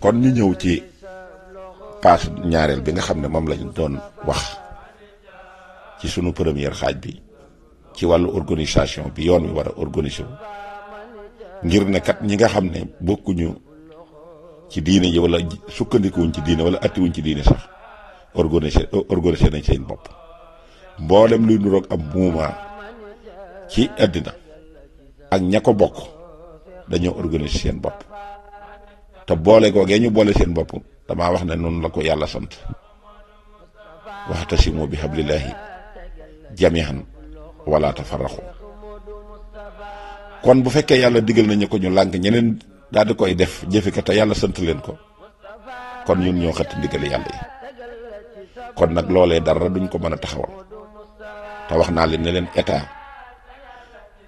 kon ñu ñëw ci paas ñaareel bi nga xam ne moom lañ doon wax ci sunu première xaaj bi ci wàllu organisation bi yoon wi war a organiser wu ngir ne kat ñi nga xam ne bokkuñu ci diine yi wala sukkandikuwuñ ci diine wala attiwuñ ci diine sax organiser organiser nañ seen bopp mboolem luy nuroog am mouvement ci àddina ak ña ko bokk dañoo organiser seen bopp te boole googee ñu boole seen bopp damaa wax ne noonu la ko yàlla sant waxtasimu bi hablillahi jamihan wala tafarraqu kon bu fekkee yàlla digal nañu ko ñu lànk ñeneen daal di koy def jëfe ko te yàlla sant leen ko kon ñun ñoo xëtt ndigali yàlla yi kon nag loolee dara duñ ko mën a taxawal te wax naa leen ne leen état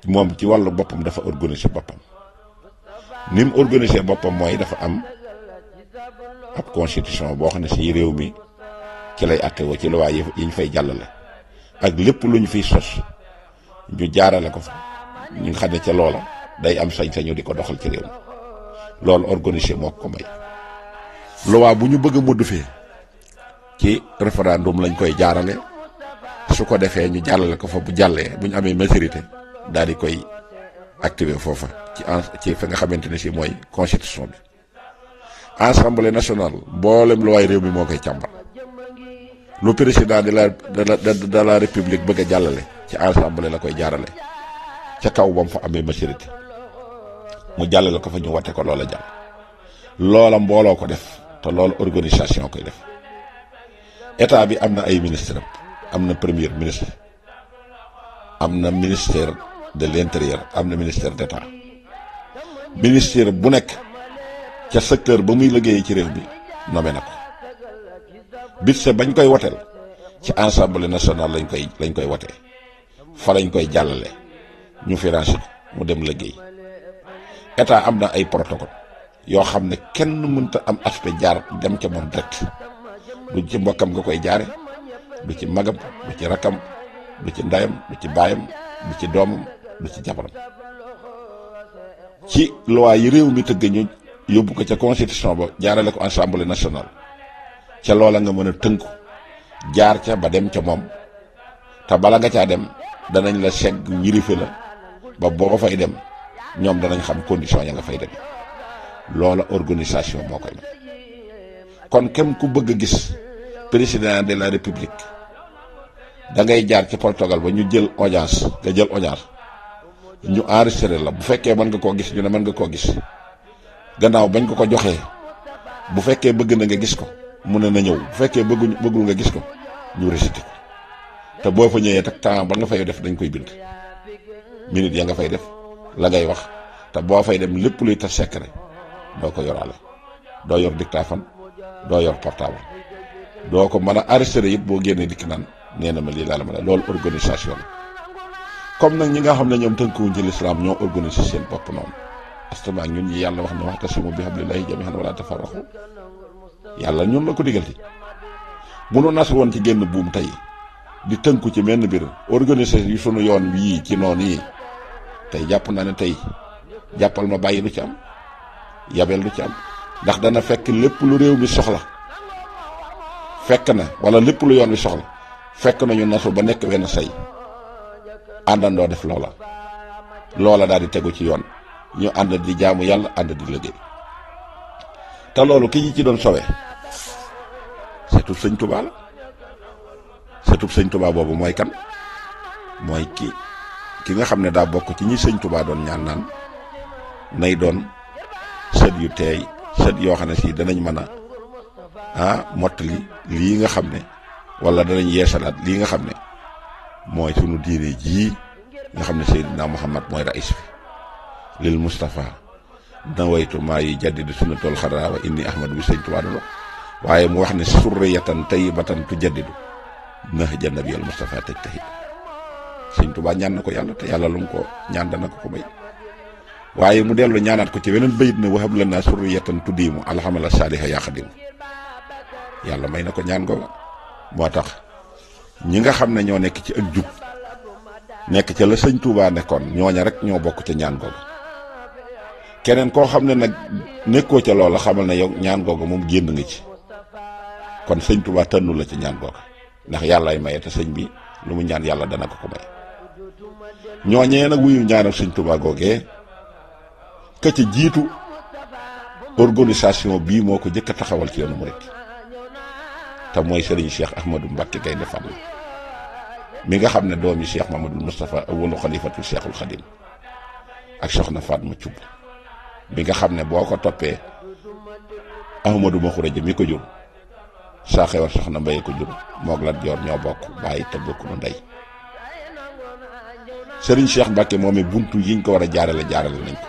moom ci wàllu boppam dafa organiser boppam ni mu organisé boppam mooy dafa am ab constitution boo xam ne si réew mi ci lay àtte woo ci loi yi ñu fay jàllale ak lépp lu ñu fiy sos ñu jaarale ko fa ñu nga xam ne ca loola day am sañ-sañu di ko doxal ci réew mi loolu organisé moo ko may. loi bu ñu bëgg a modifier ci référendum lañ koy jaarale su ko defee ñu jàllale ko fa bu jàllee bu ñu amee majorité daal di koy. activer foofa ci ci fa nga xamante ni si mooy constitution bi assemblée national mboolem luwaay réew mi moo koy càmbar lu président de la de la république bëgg a jàllale ci assemblée la koy jaarale ca kaw ba mu fa amee majorité mu jàllale ko fa ñu wate ko loola jàll loola mbooloo ko def te loola organisation koy def état bi am na ay ministre am na premier ministre am na ministère de l'intérieur am na ministère d'état ministère bu nekk ca secteur ba muy liggéeyee ci réew bi nommé na ko budget bañ koy woteel ci assemblée nationale lañ koy lañ koy wotee fa lañ koy jàllale ñu financé mu dem liggéey état am na ay protocole yoo xam ne kenn mënta am aspect jaar dem ca moom direct du ci mbokkam nga koy jaare du ci magam du ci rakam du ci ndayam du ci baayam du ci doomam ba ci jabaram ci yi réew mi tëgg ñu yóbbu ko ca constitution ba jaarale ko assemblée nationale ca loola nga mën a tënku jaar ca ba dem ca moom te bala nga caa dem danañ la segg yirife la ba boo fay dem ñoom danañ xam condition ya nga fay dem loola organisation moo koy kon kem ku bëgg a gis président de la république da ngay jaar ci Portugal ba ñu jël audience nga jël audience ñu enregistré la bu fekkee mën nga koo gis ñu ne man nga koo gis gannaaw bañ ko ko joxee bu fekkee bëgg na nga gis ko mu ne na ñëw bu fekkee bëgguñ bëggul nga gis ko ñu récité ko te boo fa ñëwee tak temps ba nga fay def dañ koy bind minute ya nga fay def la ngay wax te boo fay dem lépp luy tas secret doo ko yoraale doo yor dictaphone doo yor portable doo ko mën a enregistré it boo génnee dikk naan nee na ma lii laa la ma loolu organisation la comme nag ñi nga xam ne ñoom tënkuwuñ ci lislaam ñoo organisé seen bopp noonu astamaak ñun ñi yàlla wax ne wa'tasimu bi hablillahi jamii'an wala tafarraqu yàlla ñun la ko digal ci bu nu nas woon ci génn buum tey di tënku ci menn mbir organisé yi sunu yoon yii ci noonu yi tey jàpp naa ne tey jàppal ma bàyyi du ci am yabel du ci am ndax dana fekk lépp lu réew mi soxla fekk na wala lépp lu yoon wi soxla fekk na ñu nasu ba nekk wenn say àndandoo def loola loola daal di tegu ci yoon ñu ànd di jaamu yàlla ànd di liggéey te loolu ki ñu ci doon sowe setub sëñ tubaa setub sëñ tubaa boobu mooy kan mooy ki ki nga xam ne daa bokk ci ñi sëñ tubaa doon ñaan naan nay doon sët yu teey sët yoo xam ne si danañ mën a ah mottali lii nga xam ne walla wala danañ yeesalaat lii nga xam ne mooy sunu diine jii nga xam ne Seydina Muhammad mooy raïs bi lil Moustapha nawaytu maa yi jaddidu sunnatul xaraa wa inni ahmadu bi sëñ Tuubaa doon waaye mu wax ne surriyatan tayyibatan tu jaddidu nahja nabiyal Moustapha tëj tahit sëñ Tuubaa ñaan na ko yàlla te yàlla lu mu ko ñaan dana ko ko may waaye mu dellu ñaanaat ko ci weneen bayit ne wahab lana surriyatan tuddiimu alhamala saaliha yaa xadimu yàlla may na ko ñaan ko moo tax ñi nga xam ne ñoo nekk ci ak jub nekk ca la sëñ Touba nekkoon ñooña rek ñoo bokk ca ñaan googu keneen koo xam ne nag nekkoo ca loola xamal na yow ñaan googu moom génn nga ci kon sëñ Touba tënnu la ci ñaan googu ndax yàllaay maye te sëñ bi lu mu ñaan yàlla dana ko ko may ñooñee nag wuyu ñaanal sëñ Touba googee ka ca jiitu organisation bii moo ko jëkk a taxawal ci yoonu murit te mooy Serigne Cheikh Ahmadou Mbacké Gaïndé Fatma mi nga xam ne doomi Cheikh Mamadou Moustapha awalu xalifatul Cheikhul Khadim ak soxna Fatma Thioub bi nga xam ne boo ko toppee Ahmadou Makhourédia mi ko jur saa xewar soxna Mbaye ko jur moog Lat Joor ñoo bokk bàyyi te bokk nu sëriñ Serigne Cheikh Mbacké moom buntu yiñ ko war a jaarale la nañ ko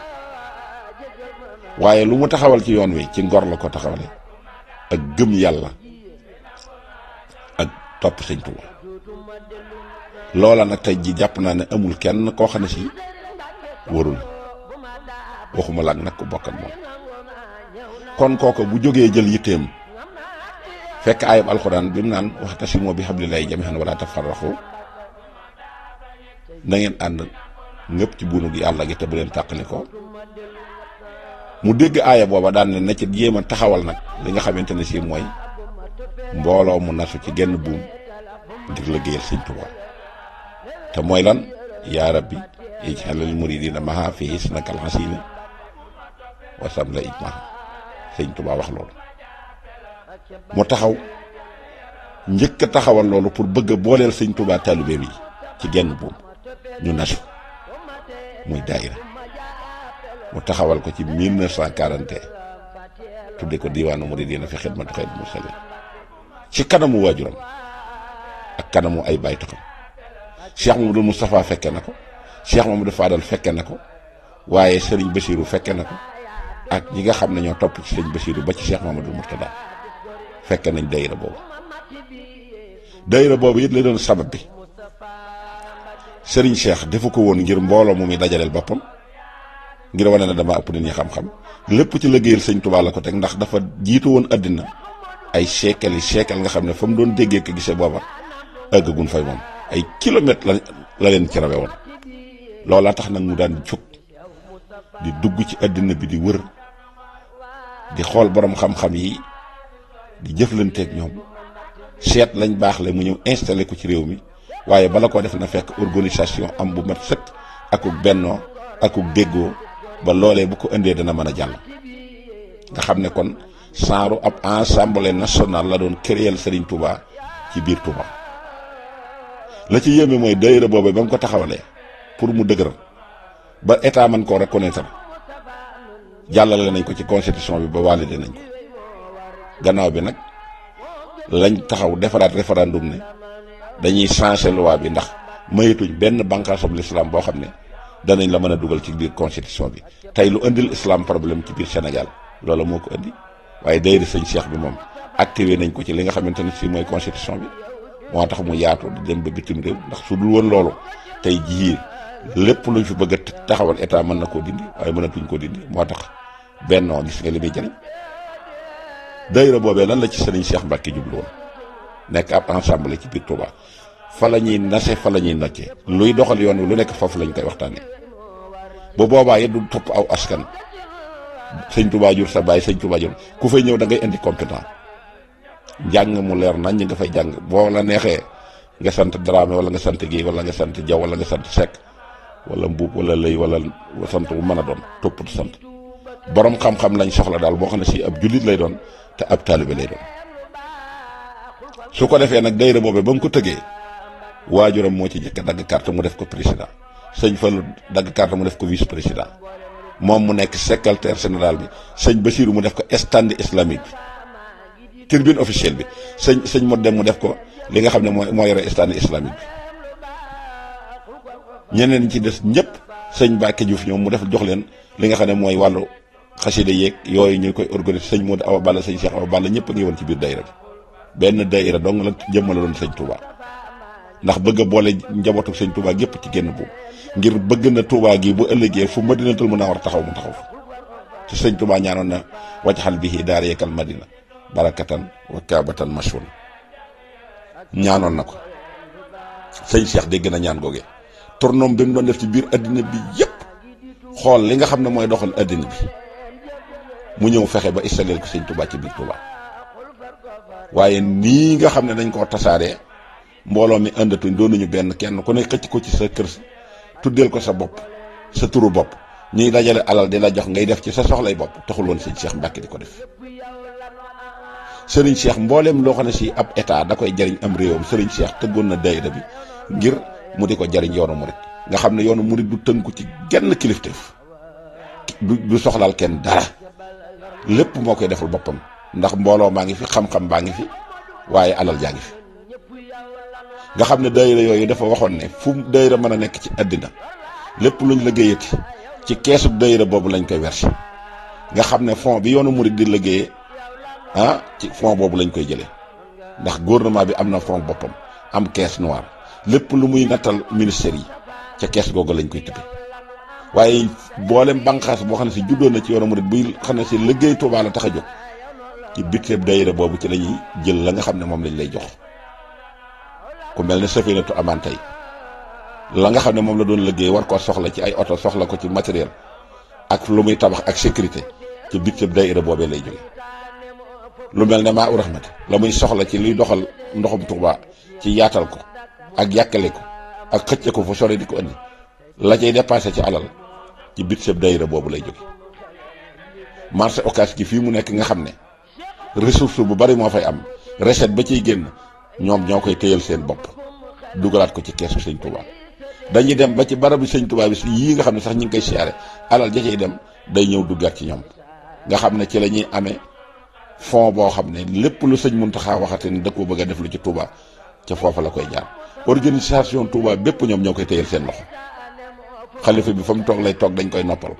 waaye lu mu taxawal ci yoon wi ci ngor la ko taxawale ak gëm yàlla topp sëñ Tuuba loola nag tey ji jàpp naa ne amul kenn koo xam ne si warul waxuma laag nag ku bokkat moom kon kooka bu jógee jël yitteem fekk ayub alxuraan bi mu naan waxtasimu bi hablillahi jamii'an wala tafarraqu na ngeen ànd ngëpp ci buunu gi yàlla gi te bu leen tàqali ko mu dégg aaya booba daan ne na ci jéem a taxawal nag li nga xamante ne si mooy mbooloo mu nasu ci genn buum ngir liggéeyal sëñ Tuubaa te mooy lan yaa rabbi ijxalal muridina maha fi hisnakal hasina wasam la ijmaa sëñ Tuubaa wax loolu mu taxaw njëkk taxawal loolu pour bëgg a booleel sëñ Tuubaa taalibeem yi ci genn buum ñu nasu muy daayira mu taxawal ko ci 1941 tudde ko diiwaanu muridina fi xidmatu xayr mursaliin ci kanamu waajuram ak kanamu ay baay taxam Cheikh Mamadou Moustapha fekke na ko Cheikh Mamadou Fadal fekke na ko waaye Serigne Bassirou fekke na ko ak ñi nga xam ne topp ci Serigne Bassirou ba ci seex Cheikh Mamadou Mourtada fekke nañ dayra boobu dayra boobu it la doon sabab bi Serigne Cheikh defu ko woon ngir mbooloo mu muy dajaleel boppam ngir wane na dama ëpp nit ñi xam-xam lépp ci liggéeyal sëñ Tuubaa la ko teg ndax dafa jiitu woon àddina ay seekal yi seekal nga xam ne fa mu doon déggee ko gisee booba àggagun fay moom ay kilomètres la la leen ci rawe woon loolaa tax nag mu daan jóg di dugg ci àddina bi di wër di xool borom xam-xam yi di jëflanteek ñoom seet lañ baax le mu ñëw installé ko ci réew mi waaye bala ko def na fekk organisation am bu mat sëkk akuk bennoo akuk déggoo ba loolee bu ko indee dana mën a jàll nga xam ne kon saaru ab assemblée nationale la doon créer Serigne Touba ci biir Touba. la ci yéeme mooy daayira boobu ba mu ko taxawalee pour mu dëgëral ba état man koo reconnaître jàllale nañ ko ci constitution bi ba validé nañ ko gannaaw bi nag lañ taxaw defaraat référendum ne dañuy changer loi bi ndax mayituñ benn bànqaasub l'islam boo xam ne danañ la mën a dugal ci biir constitution bi tey lu indil islam problème ci biir Sénégal loolu moo ko indi waaye daayira sëñ Cheikh bi moom activé nañ ko ci li nga xamante ne si mooy constitution bi moo tax mu yaatu di dem bi bitim ndax su dul woon loolu tey jii lépp luñ fi bëgg taxawal état mën na koo dindi waaye mënatuñ koo dindi moo tax bennoo gis nga li muy jëriñ daayira boobee lan la ci sëriñ Cheikh Mbacke jublu nekk ab ensemble ci biir Touba fa la ñuy nase fa la ñuy noccee luy doxal yoon wi lu nekk foofu lañ koy waxtaanee bu boobaa it du topp aw askan sëñ Touba jur sa baay sëñ Touba jur ku fay ñëw dangay indi compétent jàng mu leer nañ ñi nga fay jàng boo la neexee nga sant Dramé wala nga sant Guèye wala nga sant jaw wala nga sant Seck wala Mbuub wala Lëy wala sant mu mën a doon toppatu sant borom xam-xam lañ soxla daal boo xam ne sii ab jullit lay doon te ab taalibe lay doon su ko defee nag dayra boobee ba mu ko tëgee waajuram moo ci njëkk dagg carte mu def ko président sëñ Fallou dagg carte mu def ko vice président moom mu nekk secrétaire général bi sëñ Bassirou mu def ko stand islamique bi tribune officielle bi sëñ sëñ Modou dem mu def ko li nga xam ne mooy moo yore stade islamique bi ñeneen ci des ñëpp sëñ Mbacke Diouf ñoom mu def jox leen li nga xam ne mooy wàllu xasida yeeg yooyu ñu koy organiser sëñ Modou Awa Balla sëñ Cheikh Awa Balla ñëpp ngi woon ci biir daayira bi benn daayira dong la jëmmale doon sëñ Touba ndax bëgg boole njabootu sëñ Touba gépp ci génn bu ngir bëgg na tuubaa gi bu ëllëgee fu Madinatul Munawwara taxaw mu taxaw fa te sëñ Touba ñaanoon na wàcc xal bi daara yeekal Madina barakatan wa kaabatan mashun ñaanoon na ko sëñ Cheikh dégg na ñaan googe tournoom bi mu doon def ci biir àddina bi yépp xool li nga xam ne mooy doxal addina bi mu ñëw fexe ba installé ko sëñ Touba ci biir Touba waaye nii nga xam ne dañ koo tasaaree mbooloo mi àndatuñ doonuñu benn kenn ku ne xëcc ko ci sa kër tuddeel ko sa bopp sa turu bopp ñuy dajale alal di la jox ngay def ci sa soxlay bopp taxul woon sëñ Cheikh Mbacke di ko def Serigne Cheikh mbooleem loo xam ne si ab état da koy jariñ am réewam Serigne seex tëggoon na daayira bi ngir mu di ko jariñ yoonu murit nga xam ne yoonu murit du tënku ci genn kilifteef du du soxlaal kenn dara lépp moo koy deful boppam ndax mbooloo maa ngi fi xam-xam baa ngi fi waaye alal jaa ngi fi nga xam ne daayira yooyu dafa waxoon ne fu daayira mën a nekk ci àddina lépp luñ liggéeyati ci keesu daayira boobu lañ koy wersi nga xam ne fond bi yoonu murit di liggéeyee ah ci fonds boobu lañu koy jëlee ndax gouvernement bi am na fonds boppam am kees noire lépp lu muy nattal ministère yi ca caisse googu lañ koy tippe waaye boolem banqaas boo xam ne si juddoon na ci yoonu murid buy xam ne si liggéey Tuubaa la tax a jóg ci budget daayira boobu ci lañuy jël la nga xam ne moom lañu lay jox ku mel ne Safinatu Amaan tey la nga xam ne moom la doon liggéey war koo soxla ci ay oto soxla ko ci matériel ak lu muy tabax ak sécurité ci budget daayira boobee lay jóge lu mel ne maa u raxmati la muy soxla ci luy doxal ndoxum Tuuba ci yaatal ko ak yàkkale ko ak xëcce ko fu sore di ko andi la cay dépassé ci alal ci bit sëb dayira boobu lay jóge marché occas gi fii mu nekk nga xam ne ressource bu bari moo fay am recette ba ciy génn ñoom ñoo koy téyal seen bopp dugalaat ko ci keesu sëñ Tuuba dañuy dem ba ci barabu sëñ Tuuba bi yii nga xam ne sax ñu ngi koy siyaare alal ja cay dem day ñëw duggaat ci ñoom nga xam ne ci la ñuy amee fond boo xam ne lépp lu sëñ Muntaxa waxate ni da ko bëgg a def lu ci Touba ca foofa la koy jaar organisation tuubaa bépp ñoom ñoo koy téyal seen loxo xalifa bi fa mu toog lay toog dañ koy noppal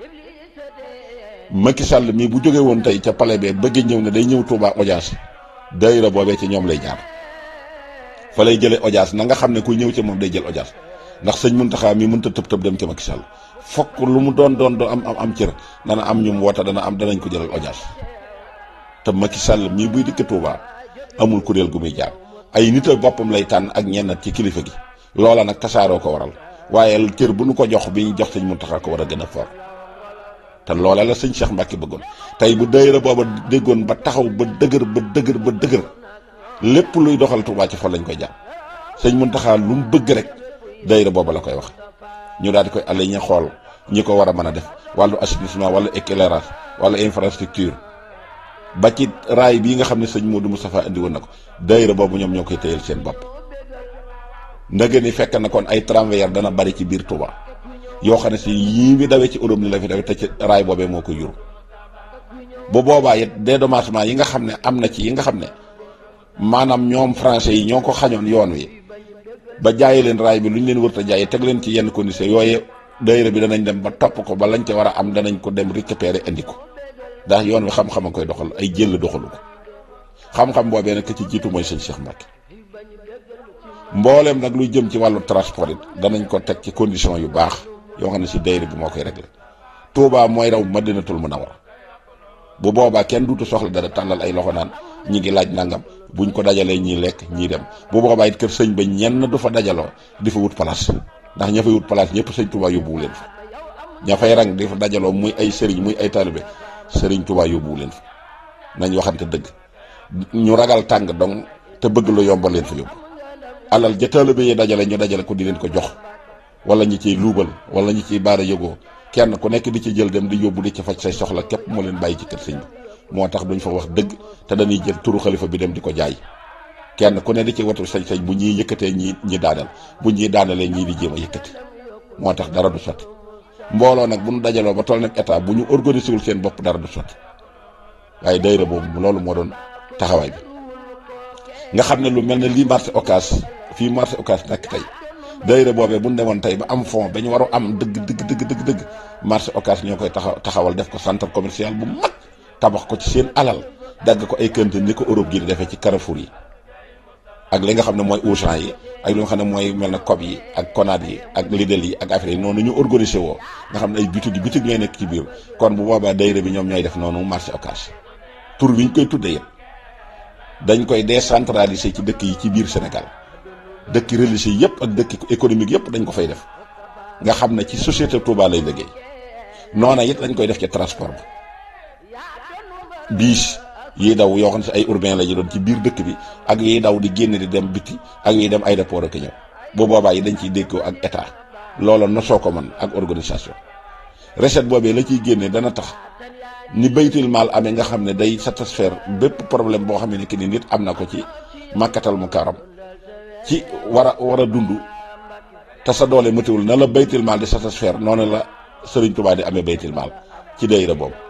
Macky Sall mii bu jógee woon tey ca pale bee bëgg ñëw ne day ñëw Touba audience daayira boobee ci ñoom lay jaar fa lay jëlee audience na nga xam ne kuy ñëw ci moom day jël audience ndax sëñ Muntaxa mii mënta tëb tëb dem ca Macky Sall fokk lu mu doon doon doon am am am cër dana am ñu mu woote dana am danañ ko jëlal audience. te Macky Sall mii buy dikk Touba amul kuréel gu muy jaar ay nit ak boppam lay tànn ak ñenn ci kilifa gi loola nag tasaaroo ko waral waaye cër bu nu ko jox bi ñu jox sëñ Muntaxa ko war a gën a for te loola la sëñ Cheikh Mbacke bëggoon tey bu daayira booba déggoon ba taxaw ba dëgër ba dëgër ba dëgër lépp luy doxal Touba ci xol lañ koy jàpp sëñ Muntaxa lu mu bëgg rek daayira booba la koy wax ñu daal di koy allé ña xool ñi ko war a mën a def wàllu assainissement wala éclairage wala infrastructure ba ci raay bii nga xam ne sëñ Modou Moustapha indi woon na ko daayira boobu ñoom ñoo koy téyal seen bopp ndege ni fekk na kon ay tramway dana bari ci biir Touba yoo xam ne si yii mi dawee ci Europe ni la fi dawee te ci raay boobee moo ko yur bu boobaa it dédommagement yi nga xam ne am na ci yi nga xam ne maanaam ñoom français yi ñoo ko xañoon yoon wi ba jaayi leen raay bi lu ñu leen wër te jaayi teg leen ci yenn conditions yooyu daayira bi danañ dem ba topp ko ba lañ ca war a am danañ ko dem récupérer indi ko ndax yoon wi xam-xam a koy doxal ay jël doxalu ko xam-xam boobee nag ci jiitu mooy sëñ Cheikh Mbacke mbooleem nag luy jëm ci wàllu transport it danañ ko teg ci condition yu baax yoo xam ne si dayre bi moo koy réglé Touba mooy raw Madinatul Munawwara bu boobaa kenn duutu soxla dara tàllal ay loxo naan ñi ngi laaj nangam buñ ko dajalee ñii lekk ñii dem bu boobaa it kër sëñ ba ñenn du fa dajaloo di fa wut place ndax ña fay wut place ñëpp sëñ Touba yóbbuwu leen fa ña fay rang dajaloo muy ay sëriñ muy ay taalibe sëriñ Tuubaa yóbbuwu leen fa nañ waxante dëgg ñu ragal tàng dong te bëgg lu yomba leen fa yóbbu alal ja taalibe yi dajale ñu dajale ko di leen ko jox wala ñi ciy luubal wala ñi ciy baara yëgoo kenn ku nekk di ci jël dem di yóbbu di ci faj say soxla képp moo leen bàyyi ci kër sëñ bi moo tax duñ fa wax dëgg te dañuy jël turu xalifa bi dem di ko jaay kenn ku ne di ci watu sañ-sañ bu ñuy yëkkatee ñii ñi daaneel bu ñuy daanelee ñii di jéem a yëkkati moo tax dara du sotti mbooloo nag bu ñu dajaloo ba toll nag état bu ñu organisé wul seen bopp dara du sotti waaye dayre boobu loolu moo doon taxawaay bi nga xam ne lu mel ne lii marché Ocass fii marché Ocass nekk tey dayra boobee bu ñu demoon tey ba am fond ba ñu war a am dëgg dëgg dëgg dëgg dëgg marché Ocass ñoo koy taxaw taxawal def ko centre commercial bu mag tabax ko ci seen alal dagg ko ay kantin ni ko Europe gi di defee ci Carrefour yi. ak li nga xam ne mooy Auchan yi ak li nga xam ne mooy mel na Coop yi ak Konad yi ak Lidl yi ak affaire yi noonu ñu organisé woo nga xam ne ay bitig bitig ngay nekk ci biir kon bu boobaa dayre bi ñoom ñooy def noonu marché occas tur wi ñu koy tuddee yëpp dañ koy décentraliser ci dëkk yi ci biir Sénégal dëkk religieux yëpp ak dëkk économique yëpp dañ ko fay def nga xam ne ci société Touba lay liggéey noona it dañ koy def ci transport bi yii daw yoo xam ne ay urbain la ñu doon ci biir dëkk bi ak yiy daw di génn di dem biti ak yiy dem aéroport ak ñëw bu boobaa yi dañ ciy déggoo ak état loola nosoo ko man ak organisation recette boobee la ciy génne dana tax ni baytul maal amee nga xam ne day satisfaire bépp problème boo xam ne que nii nit am na ko ci màkkatal mu karam ci war a war a dund te sa doole matiwul na la baytul maal di satisfaire noonu la Sëriñ Tuubaa di amee baytul maal ci dayra boobu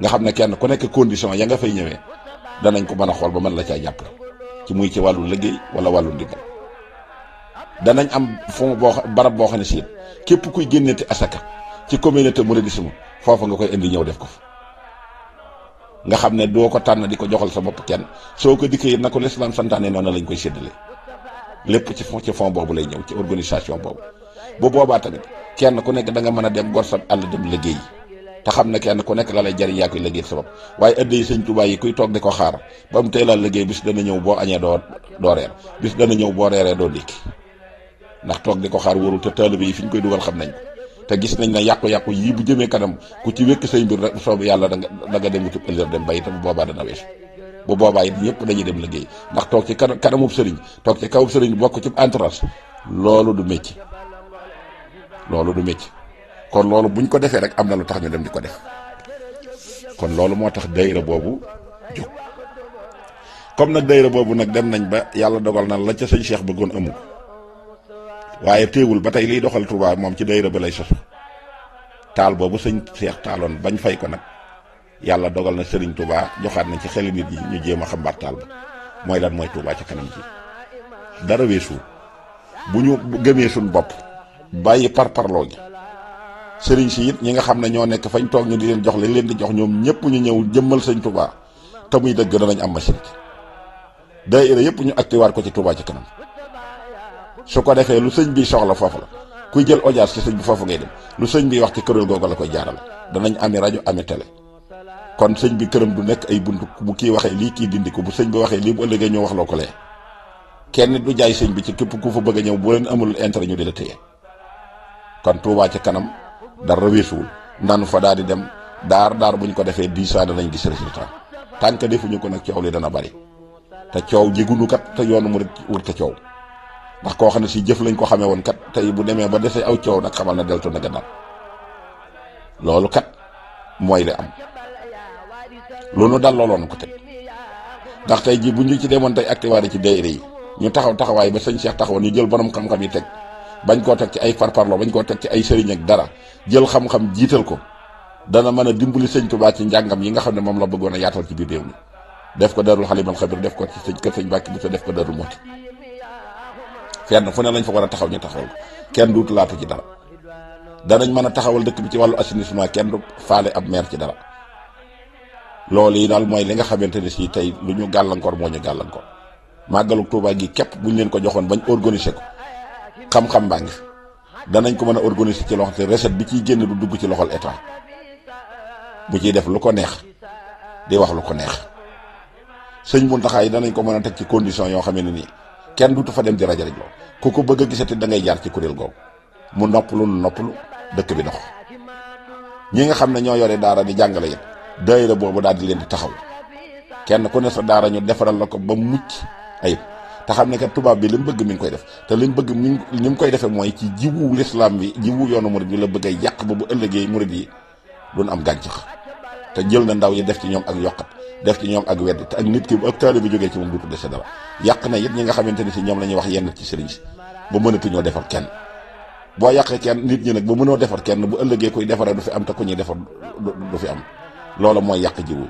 nga xam ne kenn ku nekk condition ya nga fay ñëwee danañ ko mën a xool ba mën la caa jàpp ci muy ci wàllu liggéey wala wàllu ndimbal danañ am fond boo barab boo xam ne si képp kuy génneti asaka ci communauté mouridisme foofu nga koy indi ñëw def ko fa nga xam ne doo ko tànn di ko joxal sa bopp kenn soo ko dikkee na ko lislaam santaane noonu lañ koy séddale lépp ci fond ci fon boobu lay ñëw ci organisation boobu bu boobaa tamit kenn ku nekk da nga mën a dem gor sa àll dem liggéey yi te xam ne kenn ku nekk la lay jariñ yaa koy liggéey sa bopp waaye ëdd yi sëñ Tuubaa yi kuy toog di ko xaar ba mu teelal liggéey bis dana ñëw boo añee doo doo reer bis dana ñëw boo reeree doo ndékki ndax toog di ko xaar wóorul te taalibe yi fi ñu koy dugal xam nañ te gis nañ ne yàqu-yàqu yii bu jëmee kanam ku ci wékk say mbir rek bu yàlla danga danga dem wutub ëllëg dem bay te bu boobaa dana weesu bu boobaa it ñëpp dañuy dem liggéey ndax toog ci kanamub sëriñ toog ci kawub sëriñ bokk ci entourage loolu du métti loolu du métti kon loolu buñ ko defee rek am na lu tax ñu dem di ko def kon loolu moo tax dayra boobu jóg comme nag dayra boobu nag dem nañ ba yàlla dogal na la ca sëñ Cheikh bëggoon amu waaye téewul ba tey liy doxal Touba moom ci dayra ba lay sosu taal boobu sëñ Cheikh taaloon bañ fay ko nag yàlla dogal na Serigne Touba joxaat nañ ci xeli nit ñi ñu jéem a xambaat taal ba mooy lan mooy Touba ca kanam ji dara weesu bu ñu gëmee suñu bopp bàyyi parparloo gi sëriñ si it ñi nga xam ne ñoo nekk fañ toog ñu di leen jox li leen di jox ñoom ñëpp ñu ñëw jëmmal sëñ Touba te muy dëgg danañ am machine bi daayira yëpp ñu actiwaat ko ci Touba ci kanam su ko defee lu sëñ bi soxla foofu la kuy jël audience sëñ bi foofu ngay dem lu sëñ bi wax ci kuréel googu la koy jaarale danañ ami rajo ami télé. kon sëñ bi këram du nekk ay buntu bu kii waxee lii kii dindi ko bu sëñ bi waxee lii bu ëllëgee ñu wax loo ko lee kenn du jaay sëñ bi ci képp ku fa bëgg a ñëw bu leen amul intérêt di la téye kon ci kanam dara weesuwul nan fa daal di dem daar daar bu ñu ko defee dix ans danañ gis résultat tant que defuñu ko nag coow li dana bari te coow jégunu kat te yoonu mu wër te coow ndax koo xam ne si jëf lañ ko xamee woon kat tey bu demee ba dese aw coow nag xamal na deltu na gannaaw loolu kat mooy li am lu nu dal looloon ko teg ndax tey ji bu ñu ci demoon tey activé ci daayira yi ñu taxaw taxawaay ba sañ Cheikh taxawoon ñu jël borom xam-xam yi teg bañ koo teg ci ay parparloo bañ koo teg ci ay sëriñ ak dara jël xam-xam jiital ko dana mën a dimbali sëñ Tuubaa ci njàngam yi nga xam ne moom la bëggoon a yaatal ci biir réew mi def ko darul xalimal xabir def ko ci sëñ kër sëñ bàkki bi te ko darul moti fenn fu ne lañ fa war a taxaw ñu taxawal kenn du laatu ci dara danañ mën a taxawal dëkk bi ci wàllu assainissement kenn du faale ab maire ci dara loolu yi daal mooy li nga xamante ne si tey lu ñu gàllankoor moo ñu gàllankoor màggalu Tuubaa gi képp buñ leen ko joxoon bañ organiser ko xam-xam baa ngi fi danañ ko mën a organiser ci loxo te recette bi ciy génn du dugg ci loxol état bu ciy def lu ko neex di wax lu ko neex sëñ Muntaxa yi danañ ko mën a teg ci condition yoo xam ni nii kenn du fa dem di rajo loo ku ko bëgg a gisati da ngay jaar ci kuréel googu mu noppalu nu noppalu dëkk bi dox ñi nga xam ne ñoo yore daara di jàngale yéen daayira boobu daal di leen di taxaw kenn ku ne sa daara ñu defaral la ko ba mu mucc ayib. te xam ne kat tubaab bi li bëgg mi ngi koy def te li mu bëgg mi ngi ni mu koy defee mooy ci jiwu lislaam bi jiwu yoonu murid bi la bëgg a yàq ba bu ëllëgee murid yi doon am gàncax te jël na ndaw yi def ci ñoom ak yokkat def ci ñoom ak weddi te ak nit ki ak taali bi jógee ci moom du tudde sa dara yàq na it ñi nga xamante ni si ñoom la ñuy wax yenn ci sëriñ si ba mënatuñoo defar kenn boo yàqee kenn nit ñi nag ba mënoo defar kenn bu ëllëgee koy defaree du am te ku ñuy defar du fi am loolu mooy yàq jiwu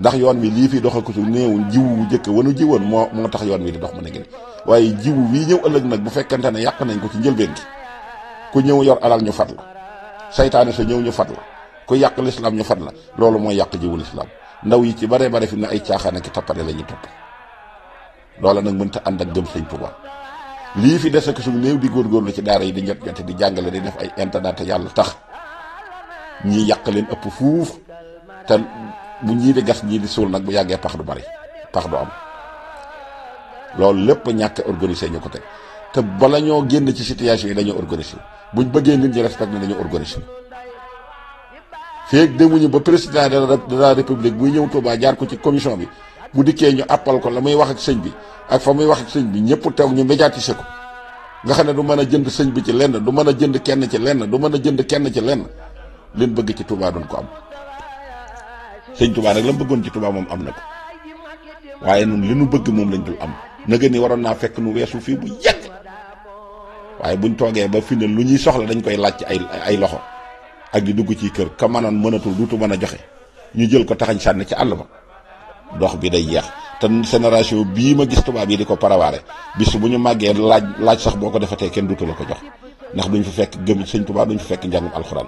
ndax yoon wi lii fi doxal ko su néew jiw wu njëkk wanu jiwoon moo moo tax yoon wi di dox mu nekk ni waaye jiwu wii ñëw ëllëg nag bu fekkente ne yàq nañ ko ci njëlbeen gi ku ñëw yor alal ñu fat la seytaane sa ñëw ñu fat la ku yàq lislaam ñu fat la loolu mooy yàq jiwu lislaam ndaw yi ci bare bare fi mu ne ay caaxaan ki tappale la ñuy topp loola nag mënta ànd ak gëm sëñ Tuubaa lii fi des ak suñu néew di góorgóorlu ci daara yi di ñett ñett di jàngale di def ay internet yàlla tax ñii yàq leen ëpp fuuf bu ñii di gas ñii di suul nag bu yàggee pax du bari pax du am loolu lépp ñàkk organisé ñu ko teg te bala ñoo génn ci situation yi dañoo organisé buñ bëggee nit ñi respecté dañoo organisé feeg demuñu ba président de la république buy ñëw Touba jaar ko ci commission bi bu dikkee ñu àppal ko la muy wax ak sëñ bi ak fa muy wax ak sëñ bi ñëpp teew ñu médiatiser ko nga xam ne du mën a jënd sëñ bi ci lenn du mën a jënd kenn ci lenn du mën a jënd kenn ci lenn leen bëgg ci Touba duñ ko am sëñ Touba nag la mu bëggoon ci Touba moom am na ko waaye nun li nu bëgg moom lañu dul am nëgë ni waroon naa fekk nu weesu fii bu yàgg waaye buñ toogee ba fi ne lu ñuy soxla dañ koy laaj ay ay loxo ak di dugg ci kër ka mënoon mënatul duutu mën a joxe ñu jël ko taxañ sànni ci àll ba dox bi day yeex te génération bii ma gis tubaab yi di ko parawaare bis bu ñu màggee laaj laaj sax boo ko defatee kenn duutu la ko jox ndax duñ fa fekk gëm sëñ tubaab duñ fa fekk njàngum alxuraan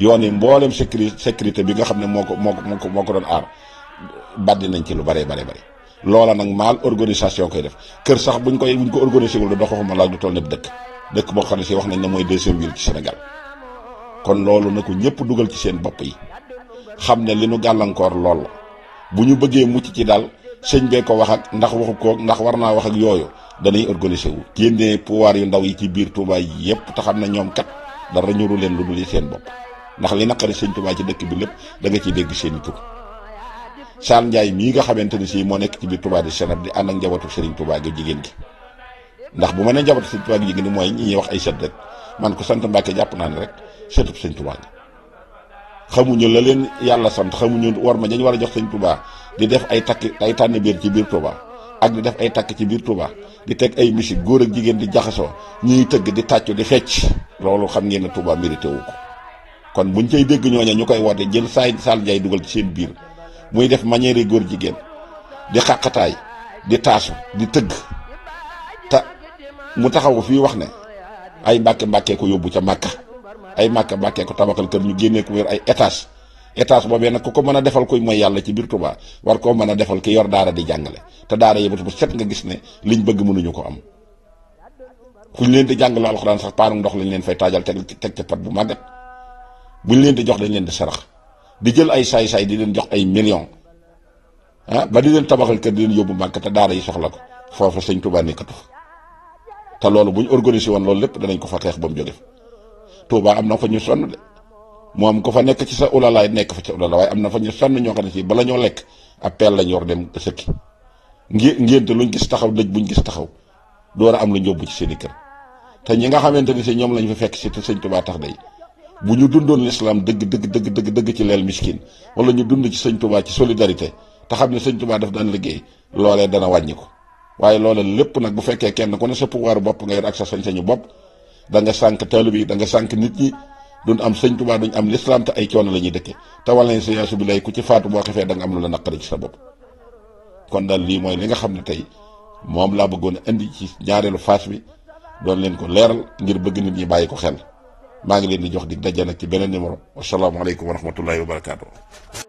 yoon yi mbooleem sécurité sécurité bi nga xam ne moo ko moo ko moo ko doon aar baddi nañ ci lu bare bare bare loola nag maal organisation koy def kër sax buñ koy buñ ko organisé wul dox waxuma laaj du toll nepp dëkk dëkk boo xam ne nañ ne mooy deuxième ville ci Sénégal kon loolu na ñëpp dugal ci seen bopp yi xam ne li nu gàllankoor lool la bu ñu bëggee mucc ci daal sëñ bee ko wax ak ndax waxu kook ndax war naa wax ak yooyu danay organisé wu. génnee pouvoir yu ndaw yi ci biir Touba yëpp te xam ne ñoom kat dara ñuru leen lu dul seen bopp. ndax li naqari sëñ Tuubaa ci dëkk bi lépp danga nga ciy dégg seen i tur Sall Ndiaye mii nga xamante ni sii moo nekk ci biir Touba di Sénégal di ànd ak njabootu Serigne Touba gi jigéen gi ndax bu ma nee njabootu Serigne Touba gi jigéen gi mooy ñi ñuy wax ay sët rek man ko sant Mbàkke jàpp naa ne rek sëtub Serigne Touba gi xamuñu la leen yàlla sant xamuñu war ma dañ war a jox sañ Touba di def ay takk ay tànn biir ci biir Touba ak di def ay takk ci biir Touba di teg ay musique góor ak jigéen di jaxasoo ñuy tëgg di tàccu di fecc loolu xam ngeen ne Touba mérité wu ko kon buñ cay dégg ñooña ñu koy woote jël saay Sall Ndiaye dugal ci seen biir muy def manière góor jigéen di xàqataay di taasu di tëgg te mu taxaw fii wax ne ay mbàkke mbàkkee ko yóbbu ca màkka ay mbàkke mbàkkee ko tabaxal kër ñu génnee ko wér ay étage étage boobee nag ku ko mën a defal kuy mooy yàlla ci biir Tuubaa war koo mën a defal ki yor daara di jàngale te daara yëbatu bu set nga gis ne liñ bëgg mënuñu ko am fuñ leen di jàngale alxuraan sax ndox lañ leen fay taajal teg teg ca pat bu màggat buñ leen di jox dañ leen di sarax di jël ay saay-saay di leen jox ay millions ah ba di leen tabaxal kër di leen yóbbu màkk te daara yi soxla ko foofu sëñ Touba nekkatu te loolu bu ñu organisé woon loolu lépp danañ ko fa xeex ba mu jóge fa Touba am na fa ñu sonn de moom ko fa nekk ci sa ulalaay nekk fa ci ulala waaye am na fa ñu sonn ñoo xam ne ci bala ñoo lekk ab peel lañ yor dem sëkki ngi ngénte luñ gis taxaw dëj buñ gis taxaw door a am lu ñu ci seen i te ñi nga xamante ni si ñoom lañ fa fekk si te tax day bu ñu dundoon lislaam dëgg dëgg dëgg dëgg dëgg ci leel miskin wala ñu dund ci sëñ Tuubaa ci solidarité te xam ne sëñ Tuubaa daf daan liggéey loolee dana wàññi ko waaye loolee lépp nag bu fekkee kenn ku ne sa pouvoir bopp nga yor ak sa sañ-sañu bopp da nga sànq taalibe yi da nga sànq nit ñi duñ am sëñ Tuubaa duñ am lislaam te ay coono la ñuy dëkke te walañ sa yaasu bi lay ku ci faat boo xefee da am lu la naqari ci sa bopp kon daal lii mooy li nga xam ne tey moom laa bëggoon a indi ci ñaareelu phase bi doon leen ko leeral ngir bëgg nit ñi bàyyi ko xel maa ngi leen di jox dig daje nag ci beneen numéro wasalaamaaleykum wa rahmatullahi wa barakaatu.